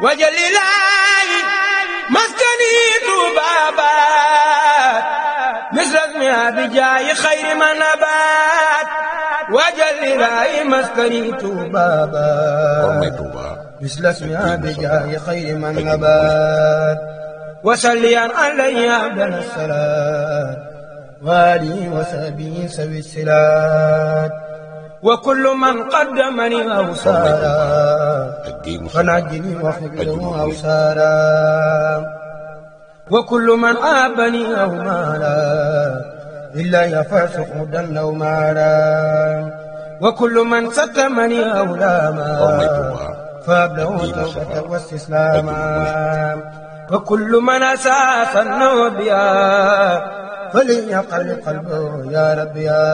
wajalilaayi maskani tubaabaat misrasmi abijaayi xayri manabaat wajalilaayi maskani tubaabaat kon mooy Touba misrasmi abijaayi xayri manabaat wasalliyan alayhi abdal salaat waali wasaabi sawi silaat wa kullu man qaddamani awsaara fanajjini wafidhu awsaara wa kullu man aabani aw maara illa yafasuqu dan law maara wa kullu man sattamani aw laama فابلغوا التوبة والاستسلام وكل من أساء فالنوبيا فليقل قلبه يا ربيا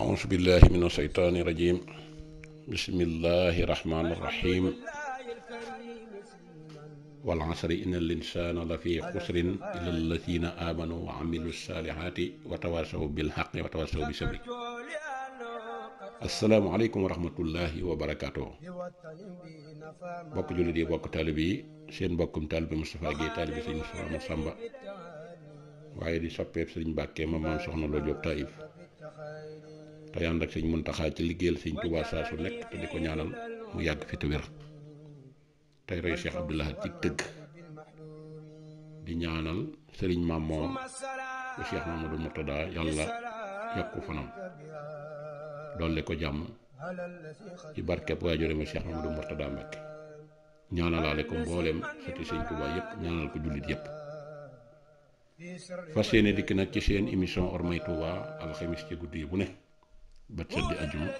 أعوذ بالله من الشيطان الرجيم بسم الله الرحمن الرحيم والعصر إن الإنسان لفي خسر إلا الذين آمنوا وعملوا wa rahmatullahi wa barakaatu bokk jullit yi bokk taalib yi seen mbokkum taalib bi Moustapha Guèye taalib di soppeeb sëriñ Mbàkke ma tey ànd ak sëñ ci liggéeyal sëñ Tuubaa saa su nekk te di ko ñaanal mu yàgg fi te tey roy Cheikh Abdou ci tëgg di ñaanal sëriñ Maam Moor bu Cheikh Mamadou Murtada yàlla yokku fanam dolli ko jàmm ci barkeb waajure ma Cheikh Mamadou Murtada Mbacké ñaanalaale ko mbooleem sëti sëñ Tuubaa yépp ñaanal ko jullit yépp fas yéene dikk nag ci seen émission Hormay am alxamis ci guddi yi bu ne ba sëddi ajuma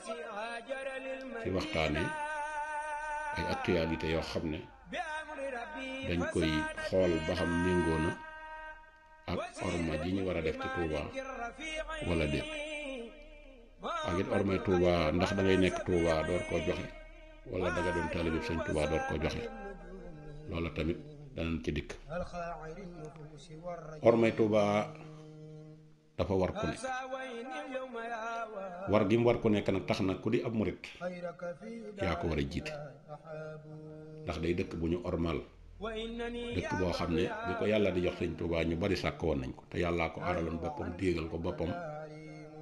ci waxtaane ay actualité yoo xam ne dañ koy xool ba xam méngoo na ak orma ji ñu war a def ci Touba wala déet ak it Hormay Touba ndax da nekk Touba door koo joxe wala da nga doon taalibe Sëñ Touba door koo joxe loola tamit. danañ ci dikk ormay Tuuba dafa war ku nekk war gi mu war ko nekk nag tax na ku di ab murit yaa ko war a jiite ndax day dëkk bu ñu ormal dëkk boo xam ne bi ko yàlla di jox sëñ Tuuba ñu bari sàkk woon nañ ko te yàllaa ko aaraloon boppam déegal ko boppam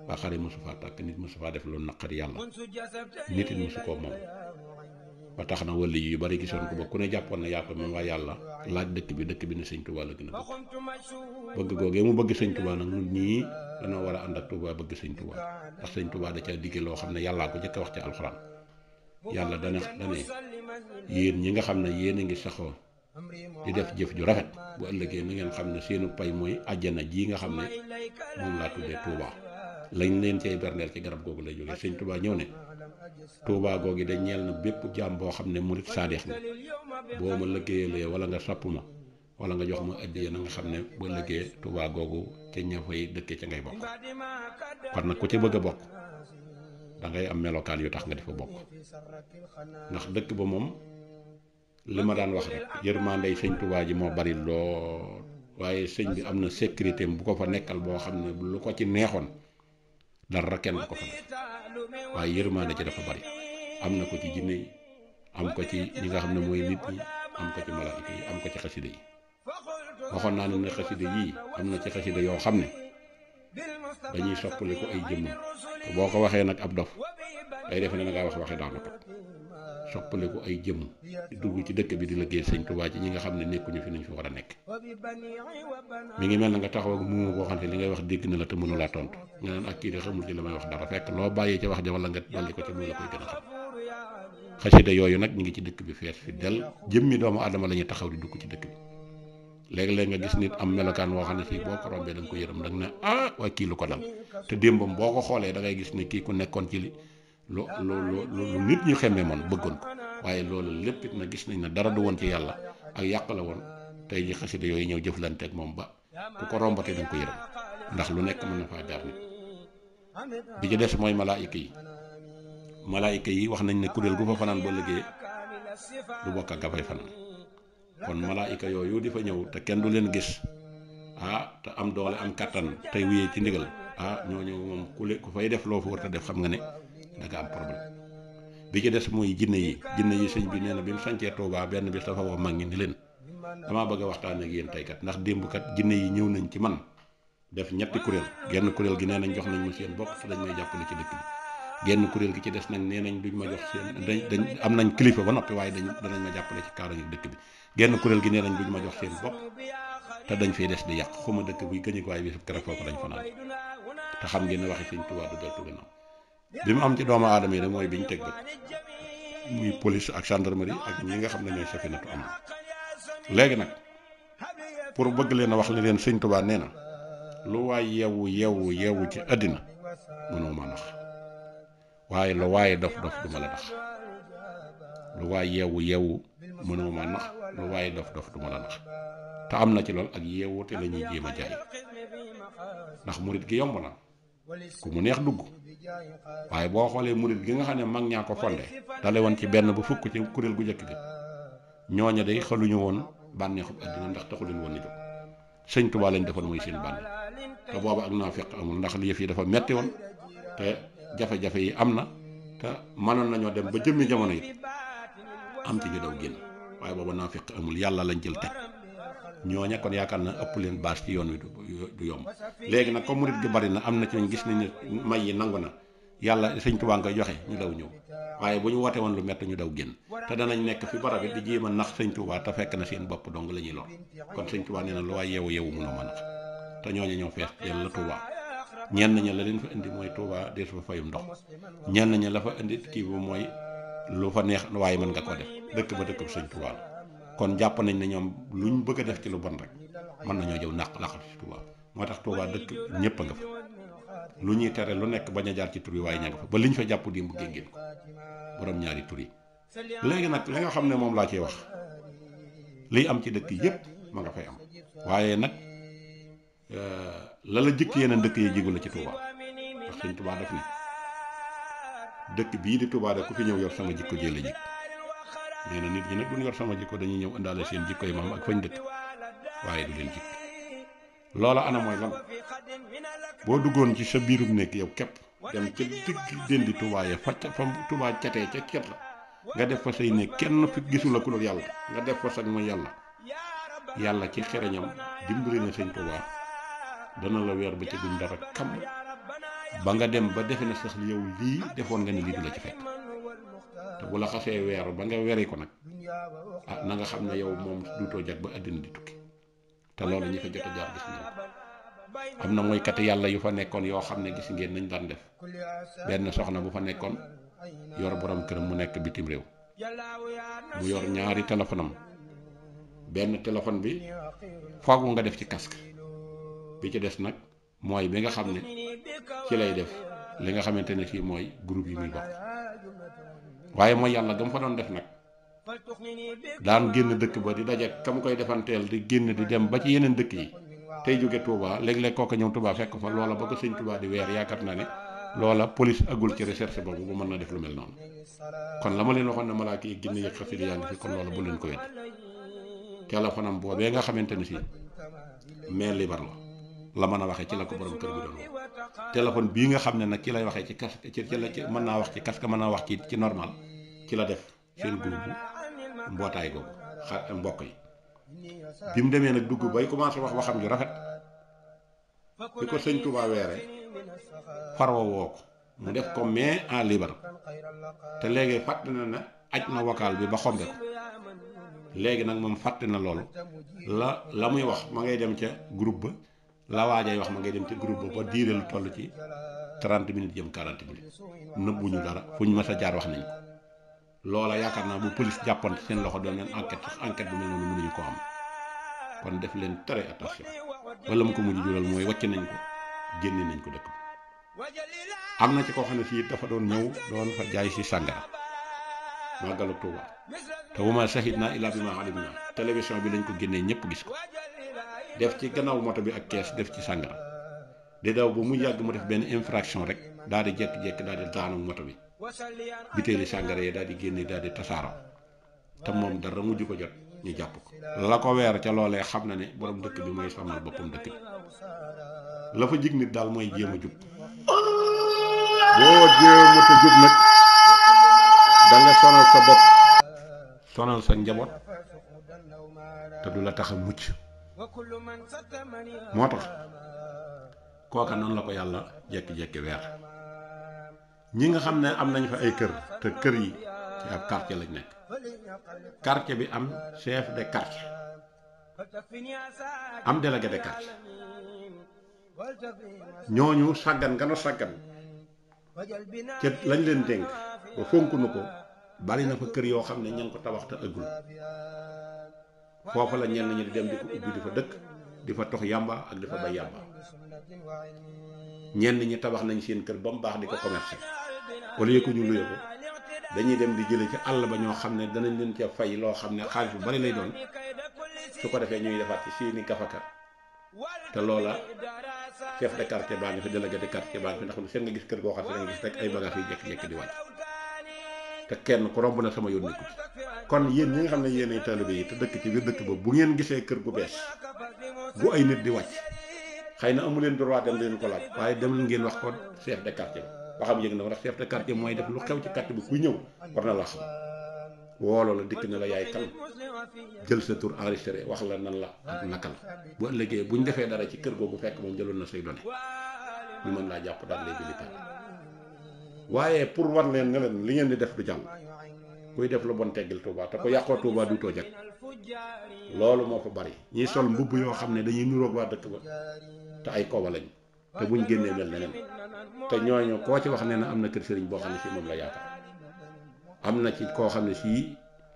ba xare mosu faa tàkk nit mosu faa def loolu naqari yàlla nit it su ko moom ba tax na wala yu bari gisoon ko ba ku ne jàppoon na yaa ko moom yàlla laaj dëkk bi dëkk bi ne sëñ Touba la gën a bëgg bëgg mu bëgg sëñ Touba nag ñun ñii dañoo war a ànd ak Touba bëgg sëñ Touba ndax sëñ Touba da ca digge loo xam ne yàllaa ko njëkk wax ci alxuraan yàlla dana dane yéen ñi nga xam ne yéen a ngi saxoo di def jëf ju rafet bu ëllëgee na ngeen xam ne seenu pay mooy àjjana jii nga xam ne moom laa tuddee Touba. lañ leen cay berndeel ci garab googu lay jógee sëñ tubaa ñëw ne Touba googu da ñeel na bépp jaam boo xam ne mu murit saadix na boo ma lëggéeyalee wala nga sapp ma wala nga jox ma addiya na nga xam ne ba lëggee Touba googu ca ña fay dëkkee ca ngay bokk kon na ku ca bëgg a bokk da ngay am melokaan yu tax nga defa bokk ndax dëkk ba moom li ma daan wax rek yërmaandey sëñ Touba ji moo bari lool waaye sëñ bi am na sécurité bu ko fa nekkal boo xam ne lu ko ci neexoon. dara kenn ko xam waaye yërmaande ci dafa bari am na ko ci jinne yi am ko ci ñi nga xam ne mooy nit ñi am ko ci malaayika yi am ko ci xasida yi waxoon naa ne ne xasida yii am na ci xasida yoo xam ne dañuy soppali ay jëmm te boo ko waxee nag ab dof day defe ne da wax waxe daanu ko soppale ko ay jëmm dugg ci dëkk bi di liggéey sëñ Tuubaa ci ñi nga xam ne nekkuñu fi nañ fi war a nekk mi ngi mel na nga taxaw ak muuma boo xam ne li ngay wax dégg na la te mënu laa tontu nga naan ak ah, kii de wax dara fekk loo bàyyee ca wax ja wala nga ko ca mu la koy gën yooyu nag ñu ngi ci dëkk bi fees fi del jëmmi doomu aadama la ñuy taxaw dugg ci dëkk bi léeg-léeg nga gis nit am melokaan woo xam ne fii boo ko da nga ko yërëm da nga ne ah lu ko dal te démbam boo ko xoolee da ngay gis ne kii ku nekkoon ci li loo loo lu nit ñu xemmee man bëggoon ko waaye loolu lépp it na gis nañ ne dara du woon ci yàlla ak yàq la woon tey ji xasida yooyu ñëw jëflanteeg moom ba ku ko rombatee da nga ko yërëm ndax lu nekk mën na faa jaar nit bi ci des mooy malaayika yi malaayika yi wax nañ ne kuréel gu fa fanaan ba liggéey du bokk ak gafay fanaan kon malaayika yooyu di fa ñëw te kenn du leen gis ah te am doole am kàttan tey wuyee ci ndigal ah ñooñu moom ku le ku fay def loo def xam nga ne. da nga am problème bi ci des mooy jinne yi jinne yi sëñ bi nee na bi mu sancee Touba benn bis dafa woo mag ñi ni leen damaa bëgg a waxtaan ak yéen tey ndax démb kat jinne yi ñëw nañ ci man def ñetti kuréel genn kuréel gi nee nañ jox nañ ma seen bopp te dañ may jàppale ci dëkk bi kuréel gi ci des nag nee nañ duñ ma jox seen dañ dañ am nañ kilifa ba noppi waaye dañ danañ ma jàppale ci kaaraange dëkk bi genn kuréel gi nee nañ duñ ma jox seen bopp te dañ fay des di yàq xuma dëkk bi gëñu bi su keroog foofu dañ fanaan te xam ngeen ne waxi sëñ Tuubaa du deltu gannaaw bi mu am ci doomu aadama yi rek mooy biñ teg bët muy police ak gendarmerie ak ñi nga xam ne ñooy safinatu léegi nag pour bëgg leen a wax ne leen sëñ Tuubaa nee na lu waay yewu yewu yewu ci àddina mënoo nax waaye lu waaye dof dof du la nax lu waay yewu yewu mënoo ma nax lu waaye dof dof du la nax te am na ci lool ak yeewute la ñuy jéem a jaay ndax murit gi yomb na ku mu neex dugg waaye boo xoolee murit gi nga xam ne mag ñaa ko fonde dale woon ci benn bu fukk ci kuréel gu njëkk bi ñooña day xaluñu woon bànneexub àddina ndax taxu leen woon ni jóg sëñ lañ defoon muy seen bànneex te booba ak naa fekk amul ndax li yëf yi dafa metti woon te jafe-jafe yi am na te mënoon nañoo dem ba jëmmi jamono yi am ci ñu daw génn waaye booba naa fekk amul yàlla lañ jël teg ñoo ñooña kon yaakaar na ëpp leen bâche ci yoon wi du yomb léegi nag comme murit gi bari na am na ci ñu gis nañ ne may yi nangu na yàlla sëñ Tuubaa nga joxe ñu daw ñëw waaye bu ñu woote woon lu métti ñu daw génn te danañ nekk fi barab it di jéem a nax sëñ Tuubaa te fekk na seen bopp dong la ñuy lor kon sëñ Tuubaa nee na lu waay yeewu yeewu mënoo ma nax te ñooña ñoo fees dell la Tuubaa ñenn ña la leen fa indi mooy Tuubaa dee fa fayum ndox ñenn ña la fa indi kii bu mooy lu fa neex waaye mën nga ko dëkk ba dëkk bu sëñ kon jàpp nañ ne ñoom ñu bëgg a def ci lu bon rek mën nañoo jëw naq laqatu ci Touba moo tax Touba dëkk ñëpp a nga fa lu ñuy tere lu nekk bañ a jaar ci tur waaye ña fa ba liñ fa jàpp di mu géngéen ko borom ñaari tur yi léegi nag li xam ne moom laa ciy wax liy am ci dëkk yépp mu nga fay am waaye nag euh, la la jëkk yeneen dëkk yi jigu la ci Touba ndax suñ Touba daf ne dëkk bii di Touba de ku fi ñëw yor sama jikko jële jikk nee na nit ñi nag duñ yor sama jikko dañuy ñëw indaale seen jikkoy maam ak fañ dëkk waaye du leen jikk loola ana mooy lan boo duggoon ci sa biirum néeg yow kepp dem ca digg déndi Tuubaa ya fa fa Tuubaa catee ca cet la nga def fa say néeg kenn fi gisul la ku dul yàlla nga def fa sag mooy yàlla yàlla ci xereñam dimbali na sëñ Tuubaa dana la weer bi ca dum dara kam ba nga dem ba defe na sax yow lii defoon nga ne lii du la fekk te bu la xasee weeru ba nga weri ko nag ah na nga xam ne yow moom duutoo jag ba àddina di tukki te loolu ñi fa jot jaar gis ngeen am na mooykat yàlla yu fa nekkoon yoo xam ne gis ngeen nañ daan def benn soxna bu fa nekkoon yor borom këram mu nekk bitim réew mu yor ñaari téléphone benn téléphone bi faagu nga def ci casque bi ci des nag mooy bi nga xam ne ci lay def li nga xamante ne fii mooy group yi muy bokk. waaye mooy yàlla ga mu ko doon def nag daan génn dëkk ba di daje ka koy defanteel di génn di dem ba ci yeneen dëkk yi tey jóge Touba léeg ko ko ñëw Touba fekk fa loola ba ko sëñ Touba di weer yaakaar naa ne loola police agul ci recherche boobu bu mën na def lu mel noonu kon la ma leen waxoon ne malaaka yi ginne yëg xasida yaa ngi fi kon loola bu leen ko wedd téléphone boobee nga xamante ni si mail libar la la mën a waxee ci la ko borom kër bi doon téléphone bii nga xam ne nag ki lay waxee ci kas ci la ci mën naa wax ci kas ka mën naa wax ci ci normal ci la def seen groupe mbootaay googu xa mbokk yi bi mu demee nag dugg bay commencé wax waxam ju rafet bi ko sëñ Touba weere farwa woo ko mu def ko mais en libre te léegi fàtt na ne aj na vocal bi ba xombe ko léegi nag moom fàtt na loolu la la muy wax ma ngay dem ca groupe ba la waajay wax ma ngay dem ci groupe ba ba diire lu toll ci 30 minutes jëm 40 minutes nëbbuñu dara fu ñu mës a jaar wax nañ ko loola yaakaar naa bu police jàppoon ci seen loxo doon leen enquête sax enquête bu mel noonu mënuñu ko am kon def leen très attention wala mu ko mujj jural mooy wàcc nañ ko génne nañ ko dëkk bi am na ci koo xam ne fii dafa doon ñëw doon fa jaay si sàngara màggalu Tuuba te wuma sahid naa illaa ko génnee ñëpp gis ko def ci gannaaw moto bi ak def ci sàngara di daw ba mu yàgg mu def benn infraction rek daal di jekk-jekk daal di daanu moto bi bitéeli sàngara yi daal di génne daal di tasaaroo te moom dara mujj ko jot ñu jàpp ko la ko weer ca loolee xam na ni borom ndëkk bi mooy sàmmal boppam dëkk bi la fa jig nit daal mooy jéem a jub boo jéem a jub nag da nga sonal sa bopp sonal sa njaboot te du la tax a mucc moo tax kooka noonu la ko yàlla jekki-jekki weer ñi nga xam ne am nañ fa ay kër te kër yi ci ab quartier lañ nekk quartier bi am chef de quartier am délégué de quartier ñooñu sàggan gana sàggan ca lañ leen dénk ba fonk nu ko bari na fa kër yoo xam ne ña ko tabax te ëggul foofa la ñenn ñi di dem di ko di fa dëkk di fa tox yàmba ak di fa bay yàmba ñenn ñi tabax nañ seen kër ba mu baax di ko commerce si lieu que ñu luye ko dañuy dem di jële ci àll ba ñoo xam ne danañ leen ca fay loo xam ne xaalis bu bari lay doon su ko defee ñuy defaat ci seeni gafaka te loola chef de quartier baa ngi fa délégué de quartier baa ngi fi ndax seen nga gis kër goo xam ne nga gis rek ay bagages yu jékki-jékki di wàcc te kenn ku romb na sama yónni ko ci kon yéen yi nga xam ne yéen ay taalibe yi te dëkk ci biir dëkk boobu bu ngeen gisee kër gu bees bu ay nit di wàcc xëy na amu leen droit dem leen ko laaj waaye dem ngeen wax ko chef de quartier ba xam yëg na ko ndax chef de quartier mooy def lu xew ci quartier bi ku ñëw war na la xam wooloo la dikk na la yaay kan jël sa tur enregistré wax la nan la ak naka la bu ëllëgee bu ñu defee dara ci kër googu fekk moom jëloon na say données ñu mën laa jàpp daal lay bilité waaye pour war leen ne leen li ngeen di def du jàmm kuy def lu bon teggil Touba te ko yàqoo Touba du too jag loolu moo fa bari ñiy sol mbubb yoo xam ne dañuy nuroog waa dëkk ba te ay kooba lañ te buñ génnee mel neneen te ñu koo ci wax nee na am na kër sëriñ boo xam ne si moom la yaakaar am na ci koo xam ne sii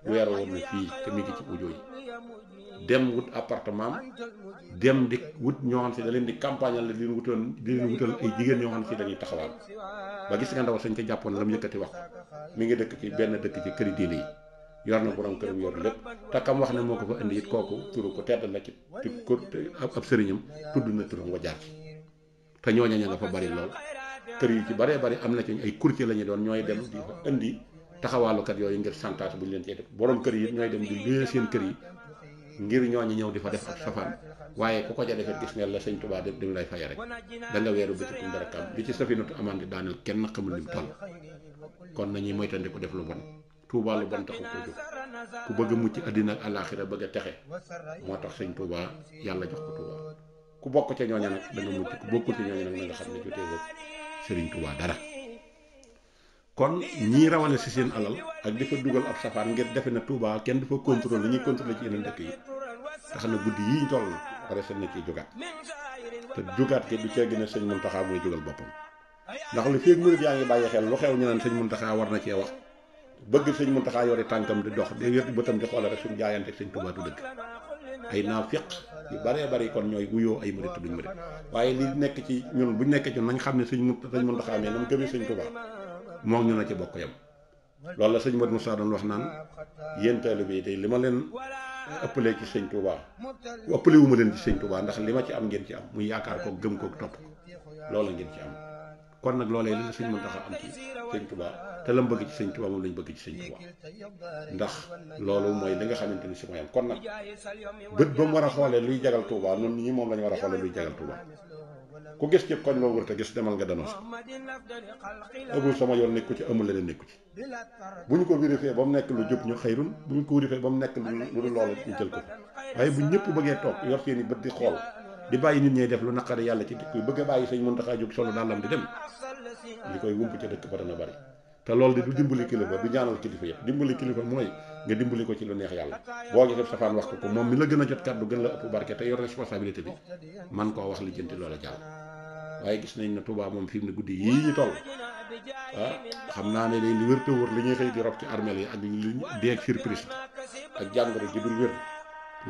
weer woon na fii te mu ngi ci audio yi dem wut appartement dem di wut ñoo xam si da di campagne la di wutoon di leen wutal ay jigéen ñoo xam si dañuy taxawal ba gis nga ndaw sañ ko jàppoon la mu yëkkati wax mi ngi dëkk ci benn dëkk ci këri diine yi yor na borom këram yor lépp te wax ne moo ko fa indi it kooku turu ko tedd na ci ko ab sëriñam tudd na turam wa jaar te ñooña ña nga fa bari lool kër yu ci baree bari am na ci ay courtier la ñu doon ñooy dem di fa indi taxawaalukat yooyu ngir chantage bu ñu leen cee def borom kër yi ñooy dem di luyee seen kër yi ngir ñooñu ñëw di fa def ak safaan waaye ku ko ca defee gis ne la sëñ Tuubaa def di lay fay rek da nga weeru ba ci kum dara kam li ci safinatu amaan di daaneel kenn xamul ni mu toll kon nañuy moytandi def lu bon Tuubaa lu bon taxu ko jóg ku bëgg a mucc àddina ak àllaaxira bëgg a texe moo tax sëñ Tuubaa yàlla jox ko Tuubaa ku bokk ca ñooña nag da nga mucc ku bokkul ca ñooña nag na nga xam ne jotee sëriñ Tuubaa dara kon ñii rawale si seen alal ak di fa dugal ab safar ngir defe na Touba kenn du fa contrôle ñuy contrôle ci yeneen dëkk yi tax na guddi yi ñu toll na pare seen na ciy jógaat te jógaat gi du cee gën a sëñ Muntaxa mooy jógal boppam ndax lu fii murid yaa bàyyi xel lu xew ñu naan sëñ Muntaxa war na cee wax bëgg sëñ Muntaxa yore tànkam di dox di yëpp bëtam di xoole rek suñ jaayante ak sëñ Touba du dëgg ay naafiq yu baree bari kon ñooy wuyoo ay murid te duñ murid waaye li nekk ci ñun buñ nekk ci xam ne sëñ Muntaxa mais nam gëmee sëñ Touba moom ñu na ci bokk yam loolu la sëñ Modou Moussa doon wax naan yéen taalibe yi tey li ma leen ëppalee ci sëñ Touba ëppale wu ma leen ci sëñ Touba ndax li ma ci am ngeen ci am mu yaakaar ko gëm ko topp ko loola ngeen ci am kon nag loolee li ma sëñ Mountakha am ci sëñ Touba te lam bëgg ci sëñ Touba moom lañ bëgg ci sëñ Touba ndax loolu mooy li nga xamante ni si mooy am kon nag bët ba mu war a xoolee luy jagal Touba noonu ñi moom la ñu war a xoolee luy jagal ku gis ci koñ loo wër te gis demal nga dénoncé amul sama yoon nekku ci amul leneen nekku ci bu ñu ko vérifié ba mu nekk lu jub ñu xëyrun bu ñu ko vérifié ba mu nekk lu dul loolu ñu jël ko waaye bu ñëpp bëggee toog yor seen i bët di xool di bàyyi nit ñey def lu naqari yàlla ci dëkk yi bëgg a bàyyi sëñ mën taxaa jóg solo dàllam di dem li koy wump ca dëkk ba dana bari te loolu de du dimbali kilifa du ñaanal kilifa yëpp dimbali kilifa mooy nga dimbali ko ci lu neex yàlla boo gisee safaan wax ko ko moom mi la gën a jot kàddu gën la ëpp barke te yor responsabilité bi man koo wax li jënti loola jàll waaye gis nañ ne Touba moom fi mu ne guddi yii ñu toll ah xam naa ne day li wér te wër li ñuy xëy di rob ci armeel yi ak li deeg surprise ak jàngoro ji dul wér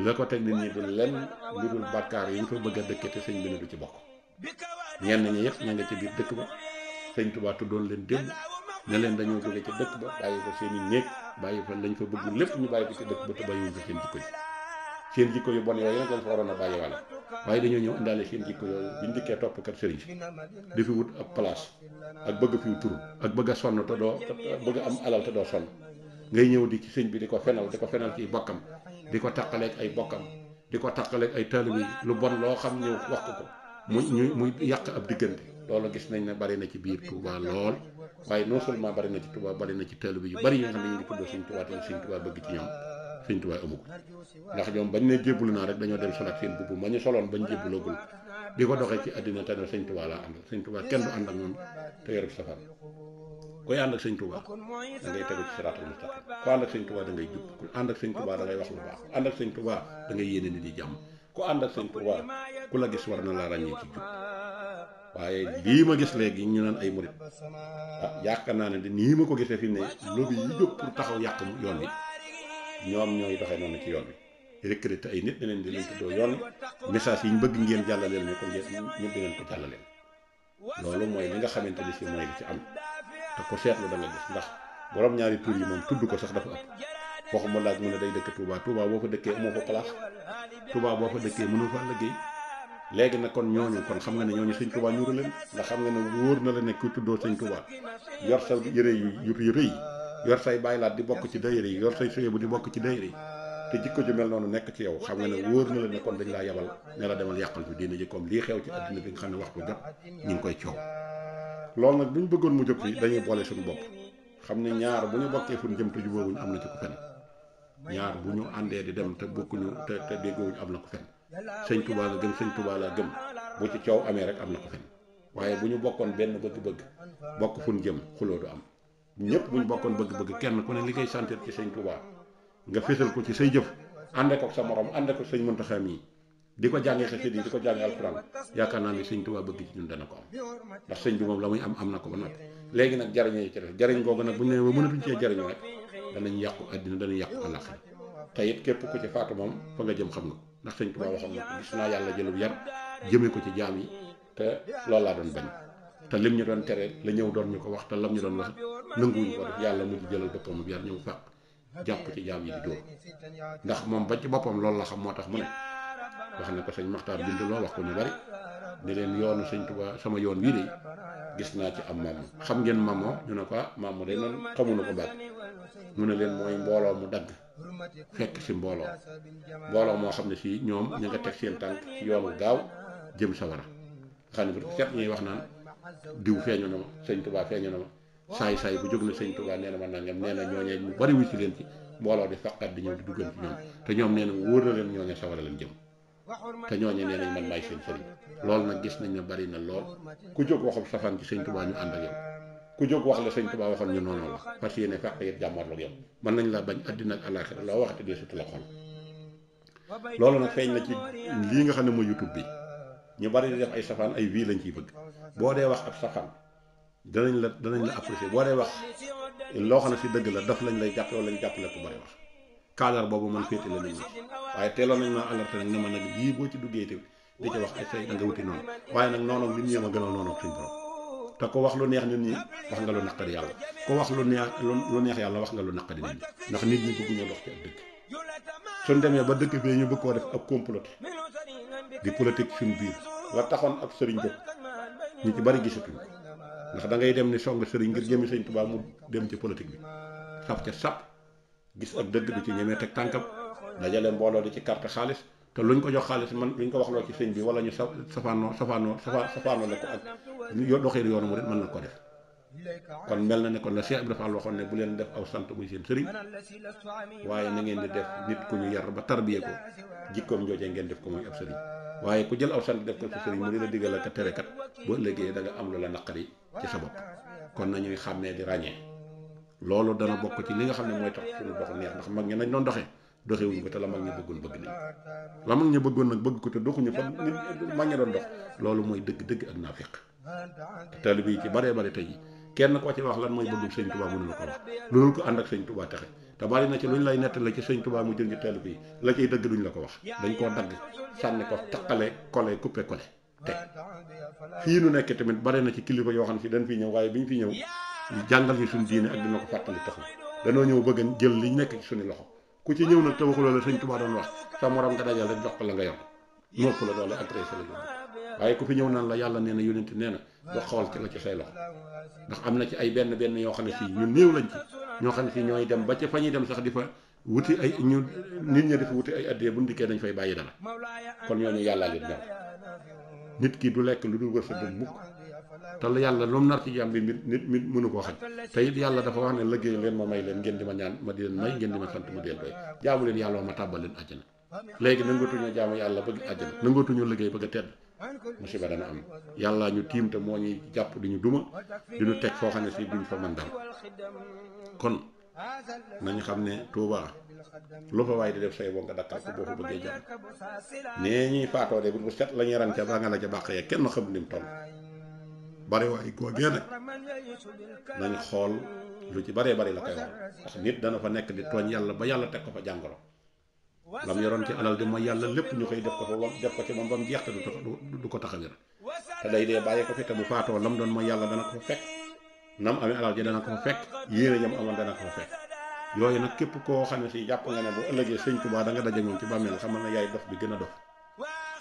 la ko teg nit ñi du lenn lu dul bakkaar yi ñu fa bëgg dëkke sëñ bi ne ci bokk ñenn ñi yëpp ña nga ci biir dëkk ba sëñ Touba tuddoon leen démb ne leen dañoo jóge ca dëkk ba bàyyi fa seen i néeg bàyyi fa lañ fa bëgg lépp ñu bàyyi ko ci dëkk ba te bàyyiwuñ fa seen jikko ji seen jikko yu bon yooyu nag lañ fa waroon a bàyyi wàll waaye dañoo ñëw indaale seen jikko yooyu biñ dikkee toppkat sëriñ si di fi wut ab place ak bëgg fi turu ak bëgg a sonn te doo bëgg am alal te doo sonn ngay ñëw di ci sëñ bi di ko fenal di ko bokkam di ko tàqaleeg ay bokkam di ko tàqaleeg ay taalibe yi lu bon loo xam ñëw wax ko muy yàq ab diggante loolu gis nañ ne bari na ci biir Tuuba lool waaye non seulement bari na ci tubaa bari na ci taalibe yu bari yi nga xam ne ñu ngi tuddoo Sëñ Touba te Sëñ Touba bëgg ci ñoom Sëñ Touba amu ko ndax ñoom rek dañoo dem sol ak seen bubb ma ñu soloon bañ jébbalagul di ko doxee ci àddina te ne Sëñ Touba laa àndal kenn du ànd ak ñoom te yorub safar koy ànd ak Sëñ Touba da ngay tegu ci siraatal mustaqim ku ànd ak Sëñ Touba da jub ku ànd ak Sëñ Touba da ngay wax lu baax ko ànd ak Sëñ Touba da ngay yéene nit yi jàmm ku ànd ak Sëñ Touba ku la gis war na laa ràññee ci jub waaye lii ma gis léegi ñu naan ay murit ah yaakaar naa ne de nii ma ko gisee fi ne lobby yi jóg pour taxaw yàq yoon bi ñoom ñooy doxee noonu ci yoon bi recruter ay nit ne leen di leen tuddoo yoon message yi ñu bëgg ngeen jàllaleel ñu ko ngeen ñëpp di leen ko jàllaleel loolu mooy li nga xamante ni si mooy li ci am te ko seetlu da gis ndax borom ñaari tur yi moom tudd ko sax dafa ëpp waxuma laaj mu ne day dëkk Touba Touba boo fa dëkkee amoo fa place Touba boo fa dëkkee mënoo fa liggéey léegi nag kon ñooñu kon xam nga ne ñooñu sëñ Tuubaa ñuru leen nga xam nga ne wóor na la nekk ku tuddoo sëñ Tuubaa yor sa yëre yu yu yi yor say bàyyilaat di bokk ci dayre yi yor say suyee bu di bokk ci dayre yi te jikko ju mel noonu nekk ci yow xam nga ne wóor na la ne kon dañ laa yabal ne la demal yàqal fi diine ji comme lii xew ci àddina bi nga xam ne waxtu jot ñu ngi koy coow loolu nag bu ñu bëggoon mu jóg fi dañuy boole suñu bopp xam ne ñaar bu ñu bokkee fu ñu jëm te jubóowuñu am na ci ku fen ñaar bu ñu àndee di dem te bokkuñu te te déggowuñu am na ku fen sëñ Touba la gëm sëñ tubaa laa gëm bu ci coow amee rek am na ko fen waaye bu ñu bokkoon benn bëgg-bëgg bokk fu ñu jëm xuloo du am ñëpp bu ñu bokkoon bëgg-bëgg kenn ku ne li ngay sentir ci sëñ Touba nga fésal ko ci say jëf ànde ko ak sa morom ànde ko sëñ Muntaxa yi di ko jàngee xasida yi di ko jàngee alxuraan yaakaar naa ne sëñ Touba bëgg ci ñun dana ko am ndax sëñ bi moom la muy am am na ko ba noppi léegi nag jariñoo yi ci def jariñ googu nag bu ñu nee ba mënatuñ cee jariñoo rek danañ yàqu àddina danañ yàqu àllaaxira te it képp ku ci faatu moom fa jëm xam nga ndax sëñ Tuubaa waxoon na ko gis naa yàlla jëlub yar jëmee ko ci jaam yi te loolu laa doon bañ te lim ñu doon tere la ñëw doon ñu ko wax te lam ñu doon wax nanguwuñ ko def yàlla mujj jëlal boppam yar ñëw fàq jàpp ci jaam yi di dóor ndax moom ba ci boppam loolu la xam moo tax mu ne wax ne ko sëñ Maxtaar bind loo wax ko ñu bari di leen yoonu sëñ Tuubaa sama yoon wii de gis naa ci am maamu xam ngeen maamoo ñu ne ko ah, maamu day noonu xamu na ko baat mu ne leen mooy mbooloo mu dagg. fekk si mbooloo mbooloo moo xam ne si ñoom ñu nga teg seen tànk yoonu gaaw jëm sawara nga xam ne bu set ñuy wax naan diw feeñu na ma sëñ tubaa feeñu na ma saay saay bu jóg na sëñ tubaa nee na ma nangam nee na mu bari wuy si leen ci mbooloo di faqat di ñëw di duggal ci ñoom te ñoom nee na wóor na leen ñooñee sawara leen jëm te ñooñee nee nañ man maay seen sëriñ loolu nag gis nañ ne bari na lool ku jóg waxam safaan ci sëñ tubaa ñu ànd ak yow ku jóg wax la sëñ Tuubaa waxoon ñu noonu la fas yéene fàq yëpp jàmmarloog yow mën nañ la bañ àddina ak àllaaxira loo wax dee sutu la xol loolu nag feeñ na ci lii nga xam ne mooy YouTube bi ñu bari di def ay safaan ay wii lañ ciy bëgg boo dee wax ab safaan danañ la danañ la apprécier boo dee wax loo xam ne si dëgg la daf lañ lay jàpp lañ jàpp la ko bari wax kaadar boobu man féete la nañ waaye teeloon nañ ma alerte nag ne ma nag lii boo ci duggee te di ci wax ay say da nga wuti noonu waaye noonu nit ñi ma te ko wax lu neex nit ñi wax nga lu naqari yàlla ko wax lu neex lu neex yàlla wax nga lu naqari nit ñi ndax nit ñi bëgg ñu dox ci ab dëkk suñ demee ba dëkk bi ñu bëgg koo def ab complot di politique suñ biir la taxoon ak sëriñ jóg ñu ci bari gisatuñ ndax da ngay dem ni song sëriñ ngir jëmi sëñ Tuubaa mu dem ci politique bi sap ca sap gis ab dëgg bi ci ñemee teg tànkam dajale mbooloo di ci carte xaalis te lu luñ ko jox xaalis man luñ ko wax loo ci sëñ bi wala ñu sa safaanoo safaanoo safa safaanoo la ko ak yo doxee yoonu mu mën na ko def kon mel na ne kon la Cheikh Ibrahima ne bu leen def aw sant muy seen sëriñ waaye na ngeen di def nit ku ñu yar ba tarbiyee ko jikkoom joojee ngeen def ko muy ab sëriñ waaye ku jël aw sant def ko sa sëriñ mu di la diggal ak tere kat bu ëllëgee da nga am lu la naqari ci sa bopp kon nañuy xàmmee di ràññee loolu dana bokk ci li nga xam ne mooy tax suñu dox neex nañ doon doxee. doxewuñ ko te la mag ña bëggoon bëgg nañ la mag ña bëggoon nag bëgg ko te doxuñu fa mag ña doon dox loolu mooy dëgg-dëgg ak naafiq te taalibe yi ci baree bare tey kenn koo ci wax lan mooy bëggum sëñ tubaa loolu ko ànd ak sëñ tubaa te bari na ci lu ñu lay nettali ci sëñ mu jël ci taalibe yi la cay dëgg duñ la ko wax dañ koo dagg sànni ko taqale kole coupé kole te fii nu nekk tamit bare na ci kilifa yoo xam ne si dañ fi ñëw waaye bi ñu fi ñëw jàngal ñu suñu diine ak dina ko fàttali taxu danoo ñëw bëgg jël liñ nekk ci suñu loxo ku ci ñëw nag te waxuloo la sëñ Tuubaa doon wax sa morom nga dajal rek ko la nga yor nopp la doole adressé la waaye ku fi ñëw naan la yàlla nee na yonent nee na ba xool ci la ci say loxo ndax am na ci ay benn benn yoo xam ne fii ñu néew lañ ci ñoo xam ne si ñooy dem ba ci fa ñuy dem sax di fa wuti ay ñu nit ña di fa wuti ay addee bu di dikkee dañ fay bàyyi dara kon ñooñu yàllaa leen ñor nit ki du lekk lu dul wërsëg mukk te yàlla lu mu nar ci jàmm bi nit nit nit mënu koo xaj te it yàlla dafa wax ne liggéey leen ma may leen ngeen di ma ñaan ma di leen may ngeen di ma sant ma di leen doy jaamu leen yàlla ma tàbbal leen àjjana léegi nangatuñu jaamu yàlla bëgg àjjana nangatuñu liggéey bëgg a tedd musiba dana am yàlla ñu tiim te moo ñuy jàpp duñu duma duñu teg foo xam ne si duñ fa mën dal kon xam ne Tuuba lu fa waay di def say boo nga dakkal ko boo fa bëggee jàmm nee ñuy faatoo de bu set la ñuy ran ca ba nga la ca bàq yee kenn ma ni mu toll bari waay koo génne nañ xool lu ci baree bari la koy waral nit dana fa nekk di tooñ yàlla ba yàlla teg ko fa jàngoro lam yoroon ci alal di mooy yàlla lépp ñu koy def ko fa def ko ci moom ba mu jeex te du ko taxawir te day dee bàyyi ko fi te bu faatoo lam doon mooy yàlla dana ko fa fekk nam amee alal ji dana ko fa fekk yéene jam amoon dana ko fa fekk yooyu nag képp koo xam ne si jàpp nga ne bu ëllëgee sëñ Tuubaa da nga ci bàmmeel xam na yaay dox bi gën a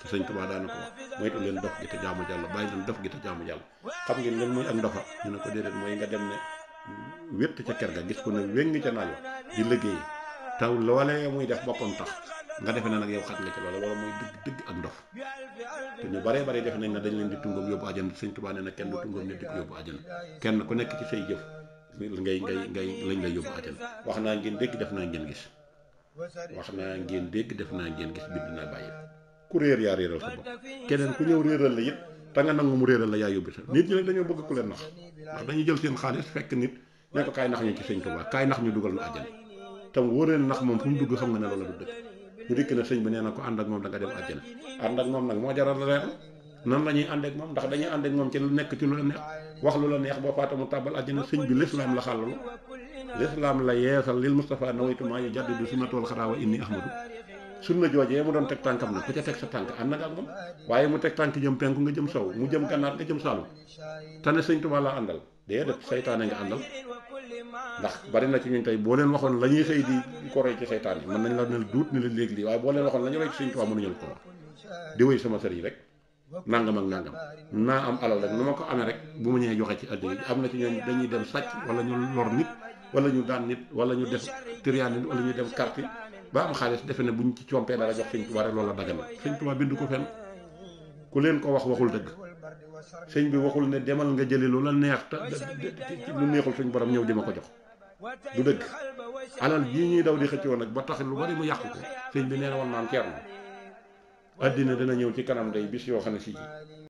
te sëñ Tuubaa daana ko wax leen dof gi te jaamu yàlla bàyyi leen dof gi te jaamu yàlla xam ngeen lan mooy ak ndofa ñu ne ko déedéet mooy nga dem ne wétt ca ker ga gis ko ne wéng ca naaj di liggéey taw loolee muy def boppam tax nga defe na nag yow xat nga ci loola wala mooy dëgg dëgg ak ndof te ñu baree bare def nañ ne dañ leen di tungoom yóbbu àjjana sëñ Tuubaa ne na kenn du tungoom nit di ko yóbbu àjjana kenn ku nekk ci say jëf ngay ngay ngay lañ lay yóbbu àjjana wax naa ngeen dégg def naa ngeen gis wax naa ngeen dégg def naa ngeen gis bind naa ku réer yaa réeral sa keneen ku ñëw réeral la it te nga nangu mu réeral la yaa yóbbu nit ñi nag dañoo bëgg ku leen nax ndax dañuy jël seen xaalis fekk nit ne ko kaay nax ñu ci sëñ kaay nax ñu dugal na àjjana tam wóoreen nax moom fu mu dugg xam nga ne loola du dëkk ñu dikk na sëñ bi nee na ko ànd ak moom da nga dem àjjana ànd moom nag moo jaral leeral nan la ñuy ànd moom ndax dañuy ànd ak moom ci lu nekk ci lu la neex wax lu la neex boo faata mu tàbbal àjjana sëñ bi lislaam la xàllalu lislaam la yeesal lil Mustafa nawaytu maa yu jaddidu sunnatul xaraa wa inni ahmadu sunna joojee mu doon teg tànkam nag ku ca teg sa tànk ànd na ak moom waaye mu teg tànk jëm penku nga jëm sow mu jëm gànnaar nga jëm saalum tane sëñ Tuubaa la àndal déedéet seytaane nga àndal ndax bari na ci ñun tey boo leen waxoon la ñuy xëy di ko roy ci seytaane mën nañ la ne duut ni la léegi lii waaye boo leen waxoon la ñu roy ci sëñ Tuubaa mënuñu ko wax di wéy sama sër yi rek nangam ak nangam naa am alal rek nu ma ko amee rek bu mu ñëwee joxe ci àddina am na ci ñoom dañuy dem sàcc wala ñu wala ñu daan nit wala ñu def trian nit wala ñu dem carte ba am xaalis defe ne ñu ci compee dara jox sëñ Tuubaa rek loolu la dagan na sëñ Tuubaa bind ko fenn ku leen ko wax waxul dëgg sëñ bi waxul ne demal nga jëli lu la neex te lu neexul suñ borom ñëw di ma ko jox du dëgg alal jii ñuy daw di xëccoo nag ba tax lu bari mu yàq ko sëñ bi nee na woon naan ceer na àddina dina ñëw ci kanam day bis yoo xam ne si